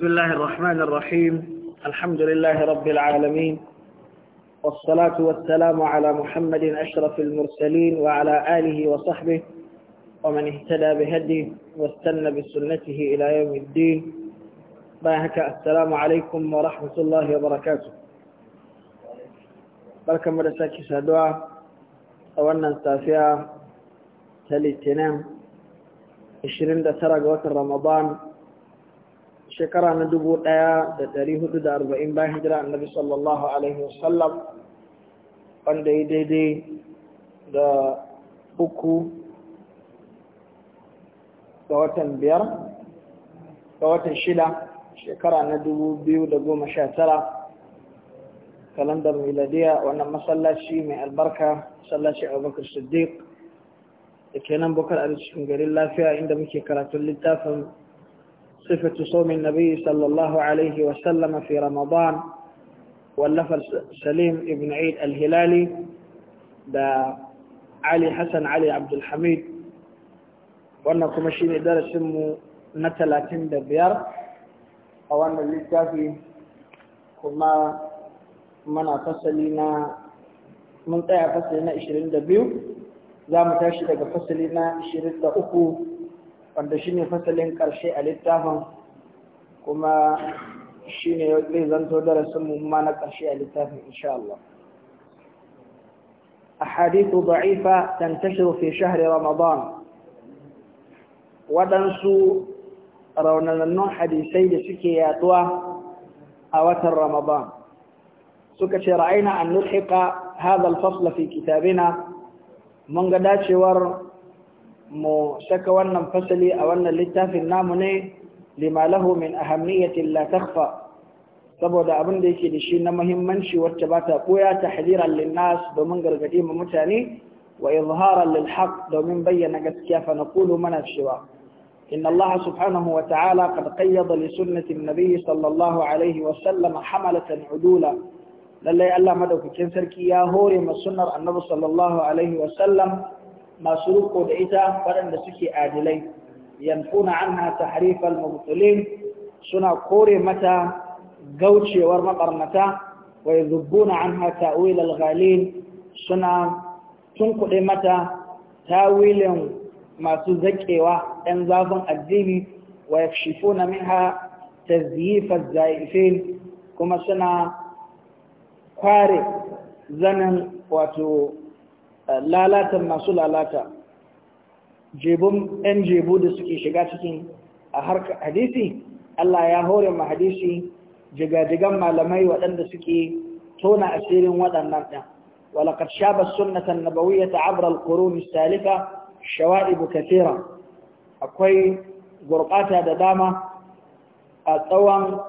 بسم الله الرحمن الرحيم الحمد لله رب العالمين والصلاة والسلام على محمد أشرف المرسلين وعلى آله وصحبه ومن اهتدى بهديه واستنى بسنته إلى يوم الدين باهك السلام عليكم ورحمة الله وبركاته بركة مدساك سادوا أولنا نستافيا تلي تنام وقت رمضان shekara na dubu ɗaya da ɗari hudu da arba'in bayan hijira annabi sallallahu alaihi wasallam wanda ya daidai da uku da watan biyar da watan shida shekara na dubu biyu da goma sha tara kalandar miladiya wannan masallaci mai albarka masallaci abubakar siddiq da ke nan bukar a cikin garin lafiya inda muke karatun littafin صفة صوم النبي صلى الله عليه وسلم في رمضان واللفر سليم ابن عيد الهلالي دا علي حسن علي عبد الحميد وانا كمشيني درس مو نتلاتين دا بيار وانا اللي كافي كما منا فصلنا من طيع فصلنا اشرين دا بيو زامتاشي دا فصلنا اشرين دا اخو wanda shi ne fasalin ƙarshe a littafin kuma shi ne zai zanto darasin mu ma na ƙarshe a littafin insha Allah. أحاديث ضعيفة تنتشر في waɗansu raunanannun hadisai da suke yaduwa a watan Ramadan. Suka ce ra'aina an nuhika hadal fasla fi kitabina mun ga dacewar mu saka wannan fasali a wannan littafin namu ne limalahu min ahammiyatin la saboda abin da yake da shi na muhimmanci wacce ba ta ɓoya ta hadiran linnas domin gargaɗi ma mutane wa izharan lil domin bayyana gaskiya fa kulu mana cewa إن الله سبحانه وتعالى قد قيض لسنة النبي صلى الله عليه وسلم حملة عدولا لله ألا مدوك كنسركي يا هوري ما النبي صلى الله عليه وسلم masu riko da ita waɗanda suke adilai yanfuna anha harifar mubtilin suna kore mata gaucewar mabarnata wa yuzubbuna anha ta'wil wilal ghalin suna tunkuɗe mata tawilin masu zakewa ɗan zafin addini wa yakshifuna minha tazyif az-zaifin kuma suna kware zanen wato lalatan masu lalata jebun 'yan jebu da suke shiga cikin a harkar hadisi Allah ya hore ma hadisi jigajigan malamai waɗanda suke tona asirin waɗannan ɗan walaƙar shaba sunnatan nabawiyya ta abral kuruni salika shawa'ibu akwai gurɓata da dama a tsawon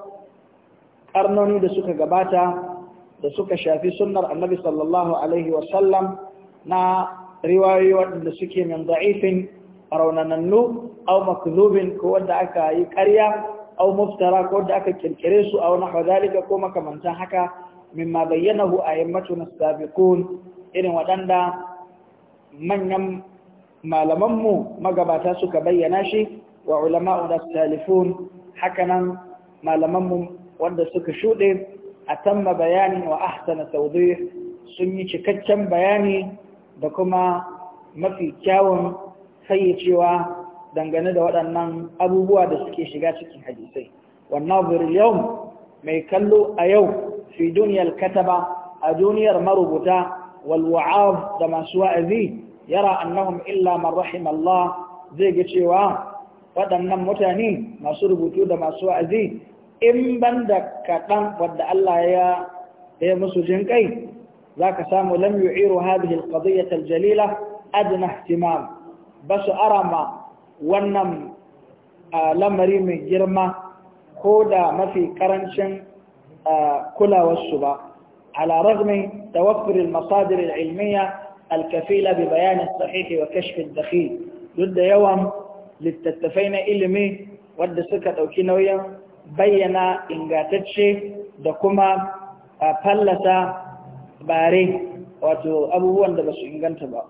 ƙarnoni da suka gabata da suka shafi sunnar annabi sallallahu alaihi wasallam na riwayoyi waɗanda suke min za'ifin raunanannu au makzubin ko wanda aka yi ƙarya au muftara ko wanda aka kirkire su au nahwa zalika ko makamantan haka mimma bayyanahu ayyammatun as irin waɗanda manyan malamanmu magabata suka bayyana shi wa ulama'u da salifun hakanan malamanmu wanda suka shuɗe a tamma bayani wa ahsana tawdih sun yi cikakken bayani da kuma mafi kyawun fayyacewa dangane da waɗannan abubuwa da suke shiga cikin hadisai wannan yau mai kallo a yau fi duniyar kataba a duniyar marubuta walwa'ab da masu wa'azi yara annahum illa man rahim zai ga cewa waɗannan mutane masu rubutu da masu wa'azi in banda kaɗan wadda Allah ya ya musu jin kai ذاك سامو لم يعير هذه القضية الجليلة أدنى اهتمام بس أرى ما ونم آه، لم ريم جرمى كودا ما في كرنشن آه، كلا والسبا على رغم توفر المصادر العلمية الكفيلة ببيان الصحيح وكشف الدخيل ضد يوم للتتفين إلمي ود سكة أو كينوية بينا إنغاتتشي دكما آه، فلسة bare wato abubuwan da ba su inganta ba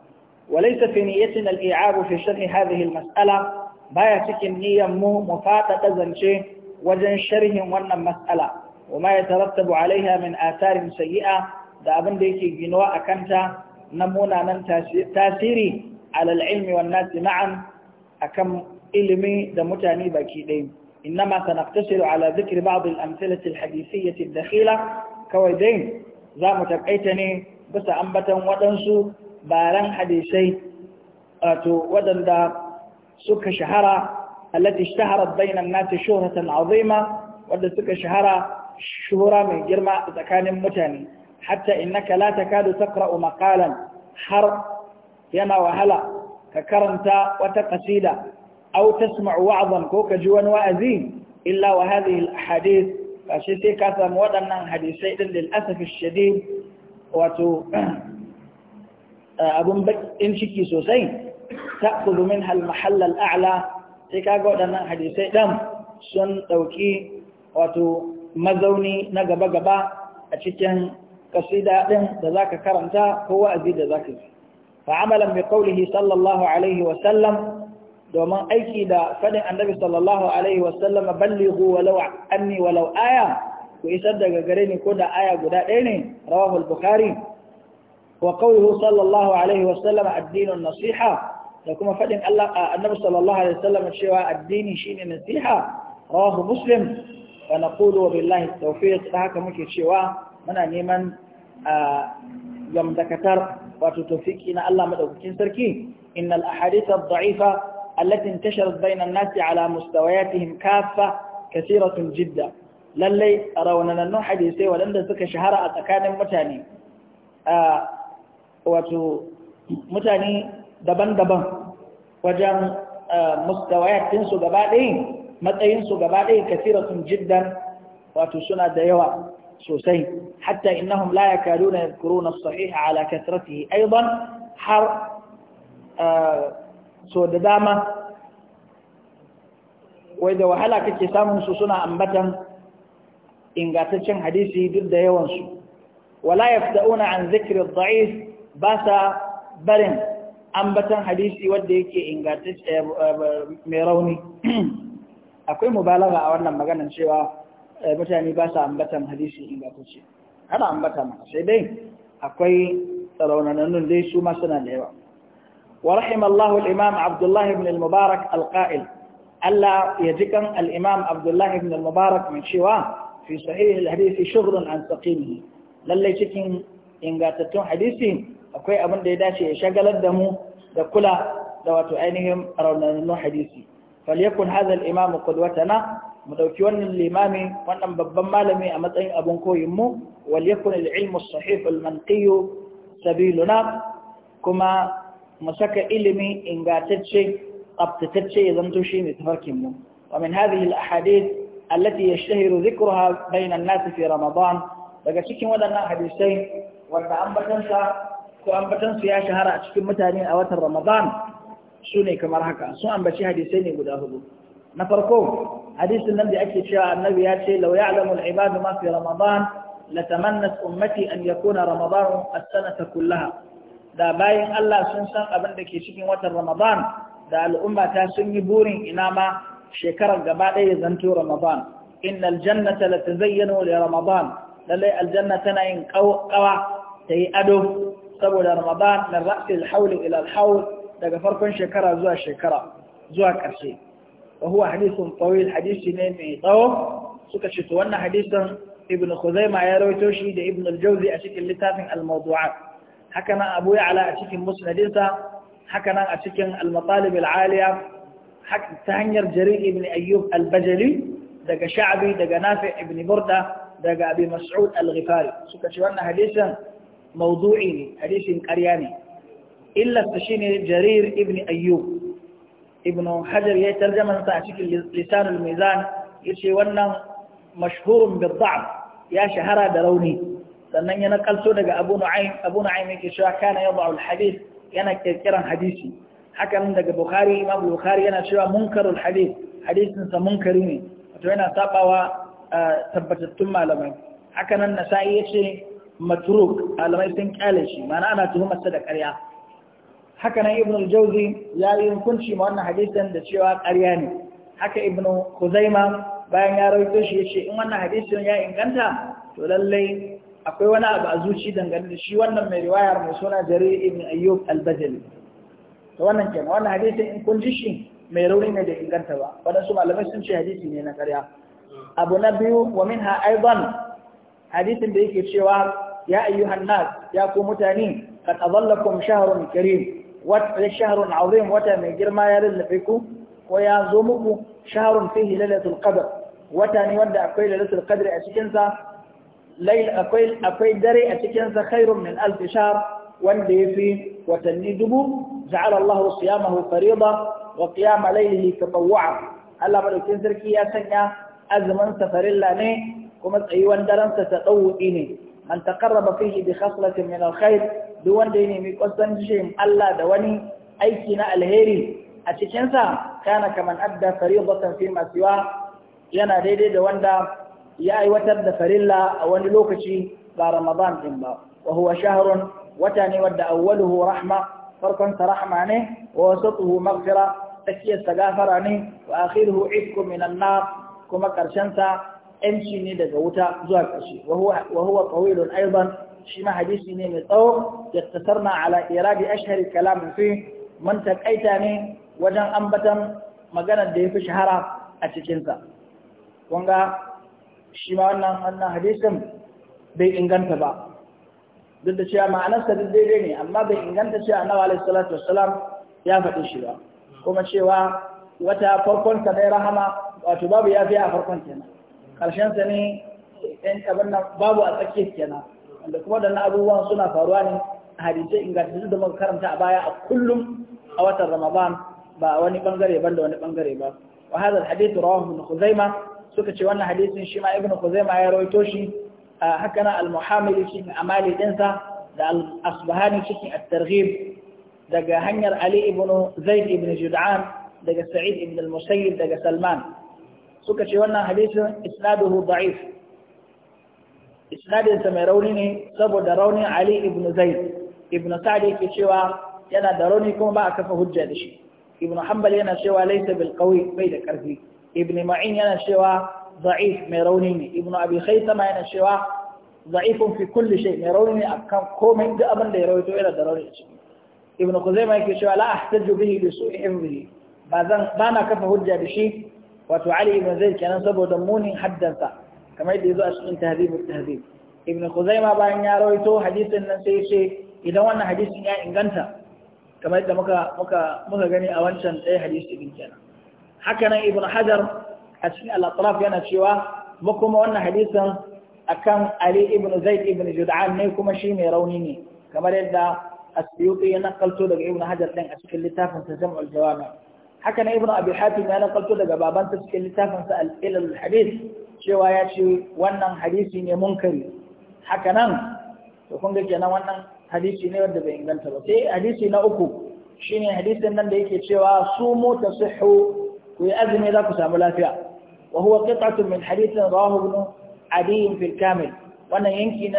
walaisa fi niyyatin al'i'abu fi sharhi hadhihi masala baya cikin niyyar mu mu faɗaɗa zance wajen sharhin wannan mas'ala wa ma tarattabu alaiha min asarin sayyi'a da abin da yake ginuwa a kanta na munanan tasiri alal ilmi wan nasi ma'an akan ilimi da mutane baki ɗaya إنما سنقتصر على ذكر بعض الأمثلة الحديثية kawai dai. za mu takaita ne bisa ambatan waɗansu baran hadisai wato waɗanda suka shahara allati ishtaharat bainan nasi shuhratan azima wanda suka shahara shuhura mai girma tsakanin mutane hatta innaka la takadu taqra'u maqalan har yana wahala ka karanta wata qasida aw tasma'u wa'zan ko ka ji wani wa'azi illa wa hadhihi al kashe sai ka samu waɗannan hadisai ɗin lil'asafi shade wato eh, abun bakin ciki sosai ta kudumin halmahallal a'la sai ka ga waɗannan hadisai ɗin sun ɗauki wato mazauni na gaba-gaba a cikin ƙasida ɗin da za ka karanta ko wa'azi da za ka yi fa'amalan mai ƙaulihi sallallahu alaihi wasallam domin aiki da fadin annabi sallallahu alaihi wasallam ballighu walau anni walau aya ku isar daga gare ni ko da aya guda ɗaya ne rawahu al-bukhari wa qawluhu sallallahu alaihi wasallam addinun nasiha da kuma fadin Allah annabi sallallahu alaihi wasallam cewa addini shine nasiha rawahu muslim wa naqulu wa billahi tawfiq da haka muke cewa muna neman gamdakatar wato tawfiki na Allah madaukakin sarki innal ahadith ad-da'ifa التي انتشرت بين الناس على مستوياتهم كافة كثيرة جدا للي رونا لنو حديثي ولنده سك شهر أتكاد متاني آه، واتو متاني دبن دبن وجم آه، مستويات تنسو قبالين متى ينسو قبالين كثيرة جدا واتو سنة ديوة سوسين حتى إنهم لا يكادون يذكرون الصحيح على كثرته أيضا حر آه، so da dama wai da wahala kake samun su suna ambatan ingataccen hadisi duk da yawansu wala yafta'una an zikri dha'if ba sa barin ambatan hadisi wanda yake ingataccen eh, eh, mai rauni akwai mubalaga a wannan maganar cewa eh, mutane ba sa ambatan hadisi ingataccen ana ambata ma sai dai akwai tsaraunanannun dai su ma suna da yawa ورحم الله الإمام عبد الله بن المبارك القائل ألا يجكم الإمام عبد الله بن المبارك من شواه في صحيح الحديث شغل عن سقيمه للي cikin ingantattun hadisi akwai abin da ya dace ya shagalar da mu da kula da wato ainihin raunanun hadisi falyakun hadha al-imam qudwatana mu dauki wannan limami wannan babban malami a matsayin abun koyin mu walyakun al-ilm as-sahih sabiluna kuma مسك إلمي إن قاتتش قبتتش يذنتوشي نتفكمه ومن هذه الأحاديث التي يشتهر ذكرها بين الناس في رمضان لكي مدنا حديثين وأن أمبتنسا كأمبتنس يا شهر أتكم متانين أوات رمضان سوني كمرهكا سو أمبتش حديثين يقول نفركم حديث النبي أكي شاء النبي ياتي لو يعلم العباد ما في رمضان لتمنت أمتي أن يكون رمضان السنة كلها da bayan Allah sun san abin da ke cikin watan Ramadan da al'umma ta sun yi burin ina ma shekarar gaba ɗaya ya zanto Ramadan inna jannata la tazayyanu li Ramadan lallai aljanna tana yin kawa ta yi ado saboda Ramadan na ra'si al ila al daga farkon shekara zuwa shekara zuwa ƙarshe wa huwa tawil hadisi ne mai tsawo suka ce to wannan hadisin ibn khuzaima ya rawaito shi da ibn al-Jawzi a cikin littafin al-Mawdu'at haka nan abu a cikin musnadinsa haka nan a cikin al-matalib al-aliya ta hanyar jarir ibn ayyub al-bajali daga sha'abi daga nafi ibn burda daga abi mas'ud al-ghifari suka ce wannan hadisin mawdu'i ne hadisin ƙarya ne illa ta shine jarir ibn ayyub ibn hajar ya tarjama sa a cikin lisanul mizan yace wannan mashhurun bi ya shahara da rauni sannan ya nakalto daga Abu Nu'aym Abu Nu'aym yake cewa kana yad'u al-hadith yana kirkiran hadisi hakan daga Bukhari Imam Bukhari yana cewa munkarul hadith hadisin sa munkari ne wato yana sabawa tabbatattun malamai haka nan Nasa'i yace matruk malamai sun kyale shi mana ana tuhumar sa da karya hakanan nan Ibn al-Jawzi ya yi hukunci ma wannan hadisin da cewa karya ne haka Ibn Khuzaima bayan ya rawaito shi yace in wannan hadisin ya inganta to lallai akwai wani abu a zuci dangane da shi wannan mai riwayar mai suna jarir ibn ayyub al-bajali to wannan kenan wannan hadisin in kun ji shi mai rauni ne da inganta ba waɗansu malamai sun ce hadisi ne na karya abu na biyu wa ha aidan hadisin da yake cewa ya ayyuhan nas ya ku mutane kad adallakum shahrun karim wata shahrun azim wata mai girma ya lallafe ku ko ya zo muku shahrun fihi lailatul qadr wata ne wanda akwai lailatul qadr a cikin sa akwai akwai dare a cikin sa khairun min alfisha wanda ya fi watanni dubu ja'ala Allah hu fariida wa qiyam laylihi tatawwa Allah madaukin sarki ya sanya azumin sa ne kuma tsayuwan daren sa tatawwi ne man taqarraba fihi bi khaslatin min alkhair duk wanda ya nemi kusancin Allah da wani aiki na alheri a cikinsa kana kaman adda fariidatan fi ma siwa yana daidai da wanda ya aiwatar da farilla a wani lokaci ba Ramadan din ba wa huwa shahrun wata ne wadda awwaluhu rahma farkon sa rahma ne wa wasatuhu maghfira tsakiyar sa gafara ne wa akhiruhu ifku minan nar kuma karshen sa yanci ne daga wuta zuwa kashi wa huwa wa huwa tawilun aidan shi ma hadisi ne mai tsawo yattasarna ala iradi ashhari kalam fi man takaita ne wajen ambatan maganar da yafi shahara a cikin sa kunga shi ma wannan wannan hadisin bai inganta ba duk da cewa ma'anarsa duk daidai ne amma bai inganta cewa annabi alaihi salatu wassalam ya faɗi shi ba kuma cewa wata farkon sa dai rahama wato babu fi a farkon kenan karshen sa ne ɗan abin nan babu a tsakiyar kenan kuma da abubuwan suna faruwa ne a hadisai duk da muka karanta a baya a kullum a watan ramadan ba wani bangare ban da wani bangare ba wa hadha alhadith rawahu suka ce wannan hadisin shi ma ibn Khuzaimah ya rawaito shi haka na al-Muhammad cikin amali dinsa da al-Asbahani cikin at-Targhib daga hanyar Ali ibn Zaid ibn Jud'an daga Sa'id ibn al-Musayyib daga Salman suka ce wannan hadisin isnaduhu da'if isnadin sa mai rauni ne saboda raunin Ali ibn Zaid ibn Sa'd yake cewa yana da rauni kuma ba a kafa hujja da shi ibn Hanbal yana cewa laysa bil qawi bai da karfi ibn ma'in yana cewa za'if mai rauni ne ibn abi khaisama yana cewa za'ifun fi kulli shay mai rauni ne akan komai duk abin da ya rawaito yana da rauni ciki ibn kuzaima yake cewa la ahtaju bihi li su'i hifzihi ba zan ba na kafa hujja da shi wato ali ibn zaid kenan saboda munin haddansa kamar yadda yazo a cikin tahdhibut Ibni ibn kuzaima bayan ya rawaito hadisin nan sai ce idan wannan hadisin ya inganta kamar yadda muka muka muka gani a wancan ɗaya hadisi din kenan haka nan ibn hajar a cikin al-atraf yana cewa kuma kuma wannan hadisin akan ali ibn zaid ibn jud'an ne kuma shi mai rauni ne kamar yadda as-suyuti ya nakalto daga ibn hajar din a cikin littafin sa jam'ul jawami haka nan ibn abi hatim ya nakalto daga babansa cikin littafin sa al-ilal cewa ya ce wannan hadisi ne munkari haka nan to kun ga kenan wannan hadisi ne wanda bai inganta ba sai hadisi na uku shine hadisin nan da yake cewa su mu tasihu ويأذن إذا كسام ولا فيها وهو قطعة من حديث رواه ابن عدي في الكامل وانا ينكي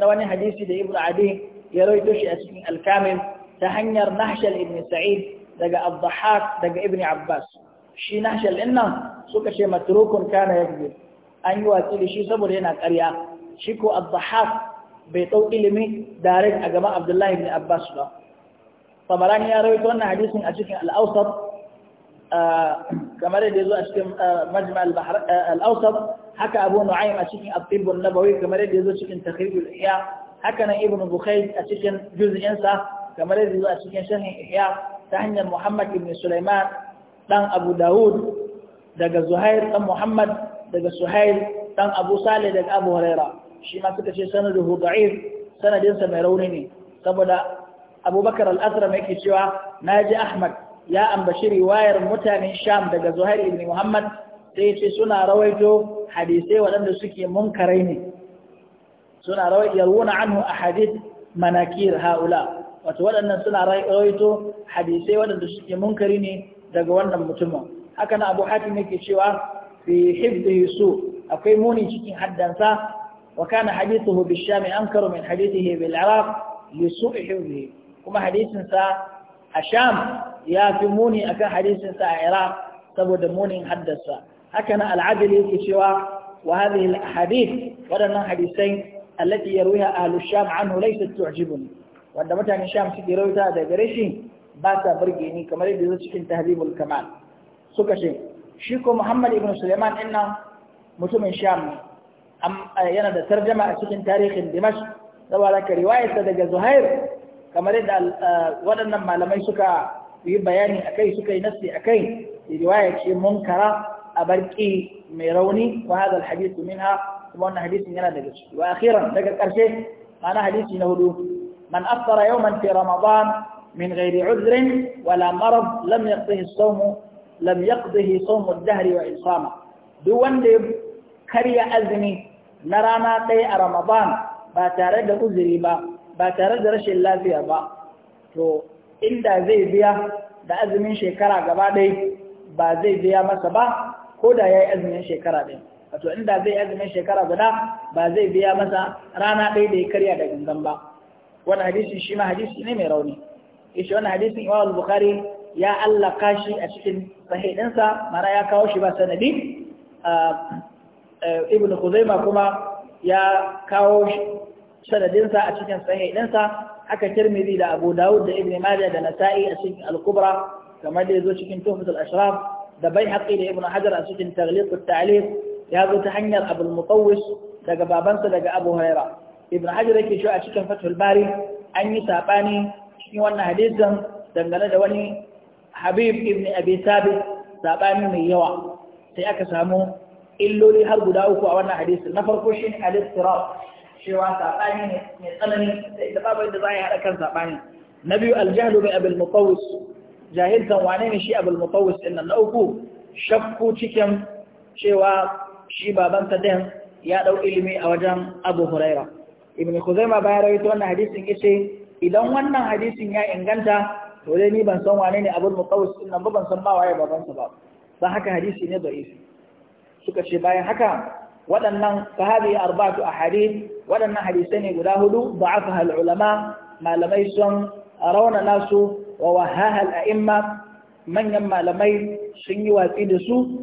نواني حديثي دي ابن عدي يروي توش أسفين الكامل تهنير نحشل ابن سعيد دقى الضحاك دقى ابن عباس شي نحشل إنه سوك شي متروك كان يكبر أن يواتي لشي سبر هنا قريا شكو الضحاك بيتو إلمي دارج أقباء عبد الله بن عباس طبعا يروي توانا حديثي أسفين الأوسط kamar yadda zo a cikin majma al-awsat haka abu nu'aym a cikin at-tibb an-nabawi kamar yadda zo cikin takhrij al-ihya haka nan ibn bukhayth a cikin juz'in sa kamar yadda zo a cikin sharh ihya ta hanyar muhammad ibn sulaiman dan abu daud daga zuhair dan muhammad daga suhail dan abu salih daga abu huraira shi ma suka ce sanaduhu da'if sanadinsa mai rauni ne saboda abubakar al mai yake cewa naji ahmad ya ambaci riwayar mutanen Sham daga Zuhair ibn Muhammad sai ce suna rawaito hadisai waɗanda suke munkarai ne suna rawaito yarwuna anhu ahadith manakir haula wato waɗannan suna rawaito hadisai waɗanda suke munkari ne daga wannan mutumin haka na Abu Hatim yake cewa fi hifdhihi su akwai muni cikin haddansa wa kana hadithuhu bi ankaru min hadithihi bil Iraq li su'i hifdhihi kuma hadisinsa a Sham ya fi muni akan hadisin sa a Iraq saboda munin haddasa haka na al'adili yake cewa wa hadhihi al-ahadith wadannan hadisai allati yarwiha ahlu sham anhu laysat tu'jibuni wanda mutanen sham suke rawaita da gare shi ba sa burge ni kamar yadda zai cikin tahdhibul kamal suka ce shi ko Muhammad ibn Sulaiman din nan mutumin sham eh, yana da tarjama a cikin tarihin Dimash saboda ka riwayarsa daga Zuhair kamar yadda eh, waɗannan malamai suka su yi bayani a kai suka yi nassi a kai riwaya ce munkara a barki mai rauni wa hadal hadithu minha kuma wannan hadisin yana daga ciki wa akhiran daga karshe ma'ana hadisi na hudu man aftara yawman fi ramadan min ghairi udhrin wala marad lam yaqdihi as-sawm lam yaqdihi sawm ad-dahr wa isama duk wanda ya karya azumi na rana ɗaya a ramadan ba tare da uzuri ba ba tare da rashin lafiya ba to inda zai biya da azumin shekara gaba ɗaya ba zai biya masa ba ko da ya yi azumin shekara ɗaya wato inda zai yi azumin shekara guda ba zai biya masa rana ɗaya da ya karya da gangan ba wani hadisi shi ma hadisi ne mai rauni ishe wani hadisin imam bukhari ya allaka shi a cikin sahihinsa mara ya kawo shi ba sanadi ibn Khuzaima kuma ya kawo sanadinsa a cikin sahihinsa haka tirmidhi da abu dawud da ibn majah da nasa'i a cikin al-kubra kamar da yazo cikin tuhfat al-ashraf da baihaqi da ibn hajar a cikin taghliq at-ta'liq ya zo ta hanyar abu al-mutawwis daga babansa daga abu huraira ibn hajar yake shi a cikin fathul bari an yi sabani cikin wannan hadisin dangane da wani habib ibn abi sabit sabani mai yawa sai aka samu illoli har guda uku a wannan hadisin na farko shine al-istirab cewa saɓani ne mai tsanani da ita babu yadda za a yi haɗa kan saɓani na biyu aljahlu bai abul mutawus jahiltan wane ne shi abul mutawus ɗin na uku shakku cikin cewa shi baban din ya ɗau ilimi a wajen abu huraira ibn kuzaima bayan rawaito wannan hadisin ya ce idan wannan hadisin ya inganta to dai ni ban san wane ne abul mutawus ɗin nan ba ban san ba waye babansa ba ba haka hadisi ne da'if suka ce bayan haka waɗannan sahabi arba'atu ahadith waɗannan hadisai ne guda hudu da'afaha al-ulama malamai sun rauna nasu wa wahaha al-a'imma manyan malamai sun yi watsi da su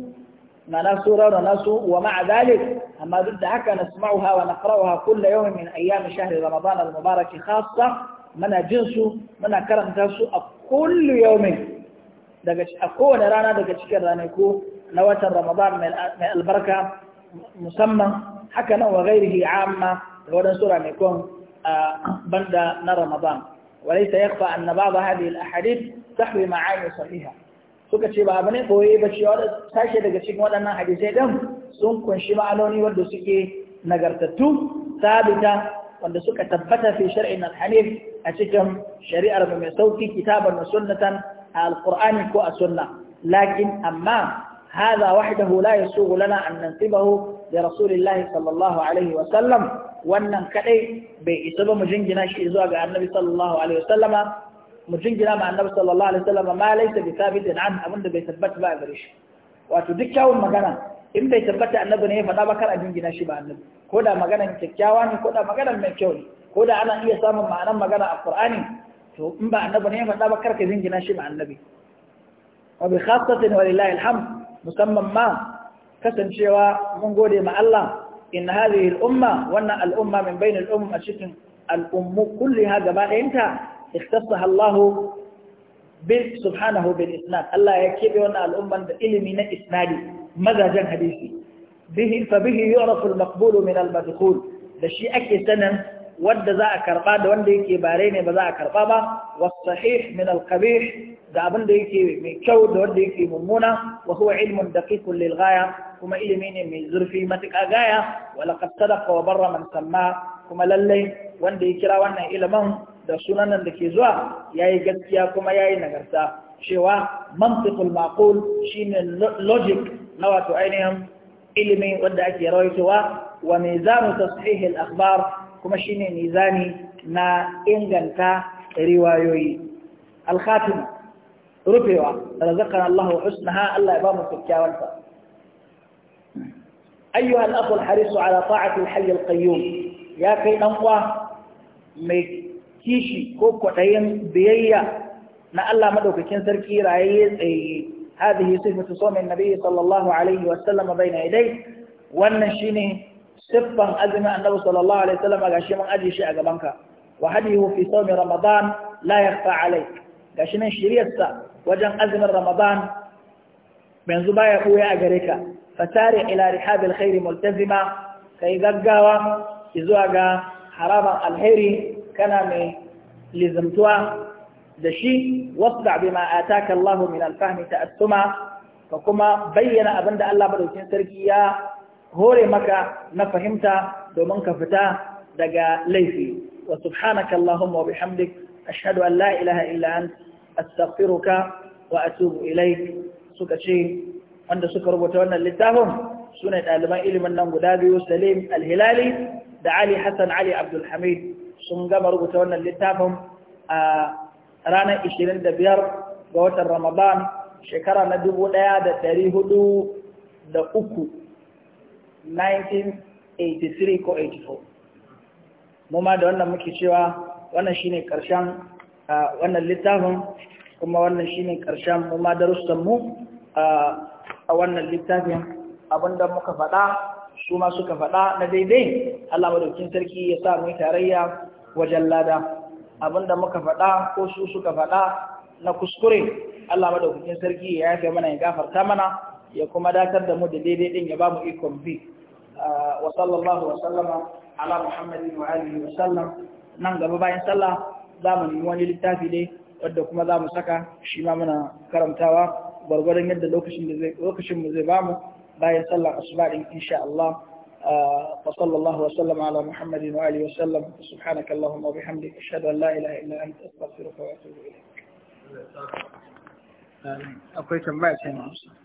ma'ana su rauna nasu wa ma'a dalik amma duk da haka nasma'uha wa naqra'uha kullu yawmin min ayyam shahri ramadan al-mubarak khassa muna jin su muna karanta su a kullu yawmin daga a kowane rana daga cikin ranaku na watan ramadan mai albarka musamman haka nan wa ghairihi amma da waɗansu ranakun banda na Ramadan. Walaita ya fa annaba ba hadi al-ahadith tahwi ma'ani sahiha. Suka ce ba bane ne koyi ba cewa sashe daga cikin waɗannan hadisai dan sun kunshi ma'anoni wanda suke nagartattu sabita wanda suka tabbata fi shar'in al-hanif a cikin shari'ar mai sauki kitaban wa sunnatan al-Qur'ani ko a sunna. Lakin amma هذا وحده لا يسوغ لنا أن ننسبه لرسول الله صلى الله عليه وسلم wannan kadai bai isa ba mu jingina shi zuwa ga annabi sallallahu alaihi wasallama mu jingina ma annabi sallallahu alaihi wasallama ma laysa bi thabitin an abinda bai tabbata ba gare shi wato duk kyawun magana in bai tabbata annabi ne ya faɗa ba kar a jingina shi ba annabi ko da maganan kyakkyawa ne ko da maganan mai kyau ne ko da ana iya samun ma'anar magana a qur'ani to in ba annabi ne ya faɗa ba kar ka jingina shi ba annabi wa bi khassatin walillahi alhamd musamman ma kasancewa mun gode ma Allah ina hadhihi al-umma wannan al-umma min bain al-umm ashikin al-ummu kulliha gaba'inta ikhtassaha Allah bi subhanahu bil isnad Allah ya kebe wannan al da ilimi na isnadi madajan hadisi bihi fa bihi yu'rafu al-maqbul min al-madkhul da shi ake sanin wanda za a karba da wanda yake bare ne ba za a karɓa ba was-sahih min al da abinda da yake mai kyau da wanda yake mummuna wa huwa ilmun daqiqun lil ghaya kuma ilimi ne mai zurfi matuƙa gaya wala sadaka wa barra man samma kuma lallai wanda ya kira wannan ilimin da sunanan da ke zuwa yayi gaskiya kuma ya yi nagarta cewa mantiqul shi shine logic na wato ainihin ilimi wanda ake rawaitowa wa mizanu tasihih al-akhbar kuma shine nizami na inganta riwayoyi al-khatim rufewa razaqana Allah husnaha Allah ya ba mu kyakkyawar أيها الأخ الحريص على طاعة الحي القيوم يا كي أنقوى ميكيشي كوكو تايم ما ألا نألا مدوك كنسر كي رأيز هذه صفة صوم النبي صلى الله عليه وسلم بين يديه والنشيني صفة أزمة أنه صلى الله عليه وسلم أغشي من أجي شيء أغبانك وهديه في صوم رمضان لا يخفى عليك أغشي من شريسة وجن أزمة رمضان من زبايا قوية أجريكا fatare ila rihabil khairi multazima kai gaggawa zuwa ga harabar alheri kana mai lizamtuwa da shi wasda bima ataka Allah min alfahmi ta'assuma ka kuma bayyana abin da Allah madaukakin sarki ya hore maka na fahimta domin ka fita daga laifi wa subhanaka Allahumma wa bihamdik ashhadu an la ilaha illa anta astaghfiruka wa atubu ilayk suka ce wanda suka rubuta wannan littafin su ne ɗaliban ilimin nan guda biyu salim alhilali da ali hassan ali abdulhamid sun gama rubuta wannan littafin a ranar 25 ga watan ramadan shekara na 1403 1983 ko 84 mu ma da wannan muke cewa wannan shine karshen wannan littafin kuma wannan shine karshen mu ma a wannan littafin abinda muka faɗa su ma suka faɗa na daidai Allah madaukin sarki ya sa mu tarayya wajen lada abinda muka faɗa ko su suka faɗa na kuskure Allah madaukakin sarki ya yafe mana ya gafarta mana ya kuma datar da mu da daidai din ya ba mu ikon bi ah, wa sallallahu wa sallama ala muhammadin wa alihi wa sallam nan gaba bayan sallah za mu nemi wani littafi ne wadda kuma za mu saka shi ma muna karantawa gwargwaron yadda lokacin da zai lokacin mu zai bamu bayan sallar asuba din insha Allah wa sallallahu wa sallam ala muhammadin wa alihi wa sallam subhanaka allahumma wa bihamdika ashhadu an la ilaha illa anta astaghfiruka wa atubu ilaik akwai tambaya ce na